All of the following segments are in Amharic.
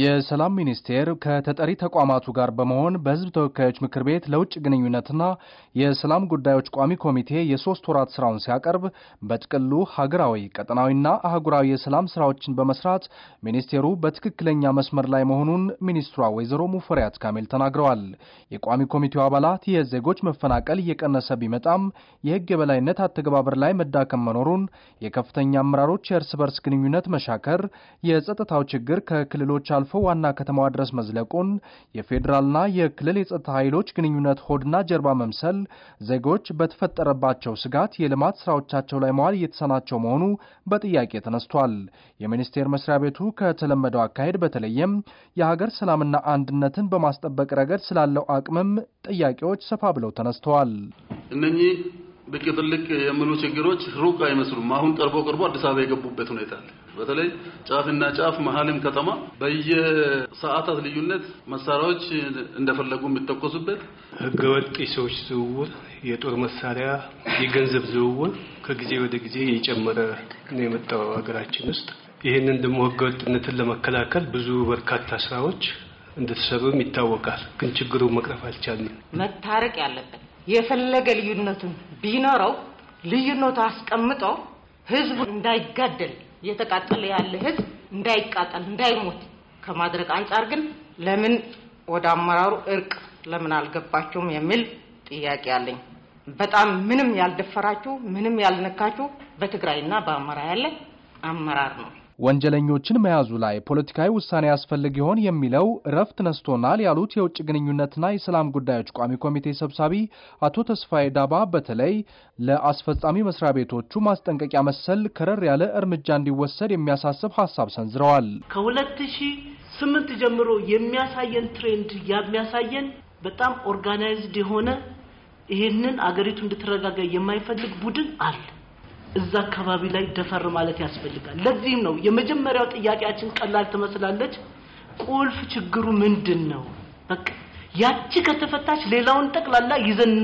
የሰላም ሚኒስቴር ከተጠሪ ተቋማቱ ጋር በመሆን በሕዝብ ተወካዮች ምክር ቤት ለውጭ ግንኙነትና የሰላም ጉዳዮች ቋሚ ኮሚቴ የሶስት ወራት ስራውን ሲያቀርብ በጥቅሉ ሀገራዊ፣ ቀጠናዊና አህጉራዊ የሰላም ስራዎችን በመስራት ሚኒስቴሩ በትክክለኛ መስመር ላይ መሆኑን ሚኒስትሯ ወይዘሮ ሙፈሪያት ካሚል ተናግረዋል። የቋሚ ኮሚቴው አባላት የዜጎች መፈናቀል እየቀነሰ ቢመጣም የህግ የበላይነት አተገባበር ላይ መዳከም መኖሩን፣ የከፍተኛ አመራሮች የእርስ በርስ ግንኙነት መሻከር፣ የጸጥታው ችግር ከክልሎች አልፎ ዋና ከተማዋ ድረስ መዝለቁን የፌዴራልና የክልል የጸጥታ ኃይሎች ግንኙነት ሆድና ጀርባ መምሰል ዜጎች በተፈጠረባቸው ስጋት የልማት ስራዎቻቸው ላይ መዋል እየተሳናቸው መሆኑ በጥያቄ ተነስቷል። የሚኒስቴር መስሪያ ቤቱ ከተለመደው አካሄድ በተለየም የሀገር ሰላምና አንድነትን በማስጠበቅ ረገድ ስላለው አቅምም ጥያቄዎች ሰፋ ብለው ተነስተዋል። እነኚህ ብቅ ጥልቅ የሚሉ ችግሮች ሩቅ አይመስሉም። አሁን ቀርቦ ቀርቦ አዲስ አበባ የገቡበት ሁኔታ አለ። በተለይ ጫፍና ጫፍ መሀልም ከተማ በየሰዓታት ልዩነት መሳሪያዎች እንደፈለጉ የሚተኮሱበት ህገወጥ የሰዎች ዝውውር፣ የጦር መሳሪያ፣ የገንዘብ ዝውውር ከጊዜ ወደ ጊዜ እየጨመረ ነው የመጣው ሀገራችን ውስጥ። ይህንን ደግሞ ህገወጥነትን ለመከላከል ብዙ በርካታ ስራዎች እንደተሰሩም ይታወቃል። ግን ችግሩ መቅረፍ አልቻልንም። መታረቅ ያለበት የፈለገ ልዩነቱን ቢኖረው ልዩነቱ አስቀምጦ ህዝቡ እንዳይጋደል እየተቃጠለ ያለ ህዝብ እንዳይቃጠል እንዳይሞት ከማድረግ አንጻር ግን ለምን ወደ አመራሩ እርቅ ለምን አልገባችሁም የሚል ጥያቄ አለኝ። በጣም ምንም ያልደፈራችሁ ምንም ያልነካችሁ በትግራይና በአማራ ያለ አመራር ነው። ወንጀለኞችን መያዙ ላይ ፖለቲካዊ ውሳኔ ያስፈልግ ይሆን የሚለው እረፍት ነስቶናል ያሉት የውጭ ግንኙነትና የሰላም ጉዳዮች ቋሚ ኮሚቴ ሰብሳቢ አቶ ተስፋዬ ዳባ በተለይ ለአስፈጻሚ መስሪያ ቤቶቹ ማስጠንቀቂያ መሰል ከረር ያለ እርምጃ እንዲወሰድ የሚያሳስብ ሀሳብ ሰንዝረዋል። ከሁለት ሺህ ስምንት ጀምሮ የሚያሳየን ትሬንድ የሚያሳየን በጣም ኦርጋናይዝድ የሆነ ይህንን አገሪቱ እንድትረጋጋ የማይፈልግ ቡድን አለ። እዛ አካባቢ ላይ ደፈር ማለት ያስፈልጋል። ለዚህም ነው የመጀመሪያው ጥያቄያችን ቀላል ትመስላለች። ቁልፍ ችግሩ ምንድን ነው? በቃ ያቺ ከተፈታች ሌላውን ጠቅላላ ይዘን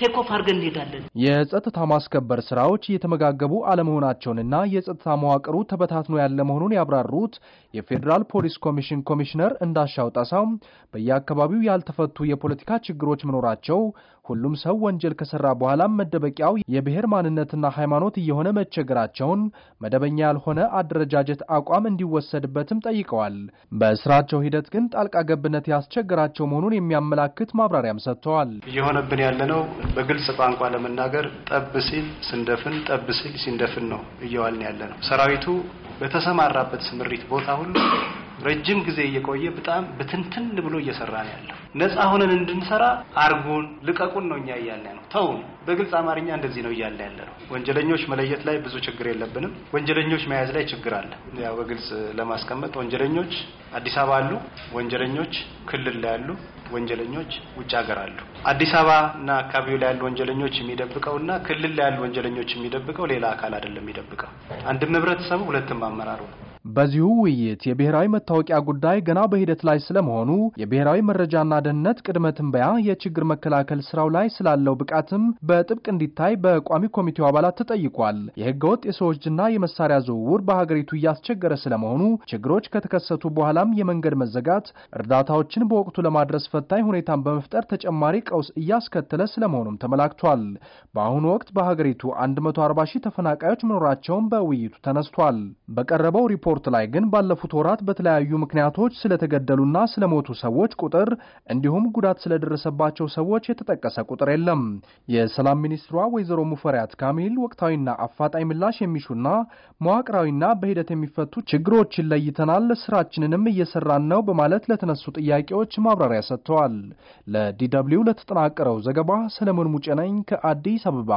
ቴኮፍ አድርገን እንሄዳለን። የጸጥታ ማስከበር ስራዎች እየተመጋገቡ አለመሆናቸውንና የጸጥታ መዋቅሩ ተበታትኖ ያለ መሆኑን ያብራሩት የፌዴራል ፖሊስ ኮሚሽን ኮሚሽነር እንዳሻው ጣሳው በየአካባቢው ያልተፈቱ የፖለቲካ ችግሮች መኖራቸው ሁሉም ሰው ወንጀል ከሰራ በኋላም መደበቂያው የብሔር ማንነትና ሃይማኖት እየሆነ መቸገራቸውን መደበኛ ያልሆነ አደረጃጀት አቋም እንዲወሰድበትም ጠይቀዋል። በስራቸው ሂደት ግን ጣልቃ ገብነት ያስቸገራቸው መሆኑን የሚያመላክት ማብራሪያም ሰጥተዋል። እየሆነብን ያለነው በግልጽ ቋንቋ ለመናገር ጠብ ሲል ስንደፍን፣ ጠብ ሲል ሲንደፍን ነው እየዋልን ያለ ነው። ሰራዊቱ በተሰማራበት ስምሪት ቦታ ሁሉ ረጅም ጊዜ እየቆየ በጣም ብትንትን ብሎ እየሰራ ነው ያለው። ነጻ ሆነን እንድንሰራ አርጉን፣ ልቀቁን ነው እኛ እያለ ነው። ተውን፣ በግልጽ አማርኛ እንደዚህ ነው እያለ ያለ ነው። ወንጀለኞች መለየት ላይ ብዙ ችግር የለብንም። ወንጀለኞች መያዝ ላይ ችግር አለ። ያው በግልጽ ለማስቀመጥ ወንጀለኞች አዲስ አበባ አሉ፣ ወንጀለኞች ክልል ላይ አሉ፣ ወንጀለኞች ውጭ ሀገር አሉ። አዲስ አበባ እና አካባቢው ላይ ያሉ ወንጀለኞች የሚደብቀው እና ክልል ላይ ያሉ ወንጀለኞች የሚደብቀው ሌላ አካል አይደለም የሚደብቀው አንድም ህብረተሰቡ ሁለትም አመራሩ ነው። በዚሁ ውይይት የብሔራዊ መታወቂያ ጉዳይ ገና በሂደት ላይ ስለመሆኑ፣ የብሔራዊ መረጃና ደህንነት ቅድመ ትንበያ የችግር መከላከል ስራው ላይ ስላለው ብቃትም በጥብቅ እንዲታይ በቋሚ ኮሚቴው አባላት ተጠይቋል። የህገወጥ የሰዎች እና የመሳሪያ ዝውውር በሀገሪቱ እያስቸገረ ስለመሆኑ፣ ችግሮች ከተከሰቱ በኋላም የመንገድ መዘጋት እርዳታዎችን በወቅቱ ለማድረስ ፈታኝ ሁኔታን በመፍጠር ተጨማሪ ቀውስ እያስከተለ ስለመሆኑም ተመላክቷል። በአሁኑ ወቅት በሀገሪቱ 140 ሺህ ተፈናቃዮች መኖራቸውን በውይይቱ ተነስቷል። በቀረበው ሪፖርት ሪፖርት ላይ ግን ባለፉት ወራት በተለያዩ ምክንያቶች ስለተገደሉና ስለሞቱ ሰዎች ቁጥር እንዲሁም ጉዳት ስለደረሰባቸው ሰዎች የተጠቀሰ ቁጥር የለም። የሰላም ሚኒስትሯ ወይዘሮ ሙፈሪያት ካሚል ወቅታዊና አፋጣኝ ምላሽ የሚሹና መዋቅራዊና በሂደት የሚፈቱ ችግሮችን ለይተናል፣ ስራችንንም እየሰራን ነው በማለት ለተነሱ ጥያቄዎች ማብራሪያ ሰጥተዋል። ለዲ ደብልዩ ለተጠናቀረው ዘገባ ሰለሞን ሙጨነኝ ከአዲስ አበባ።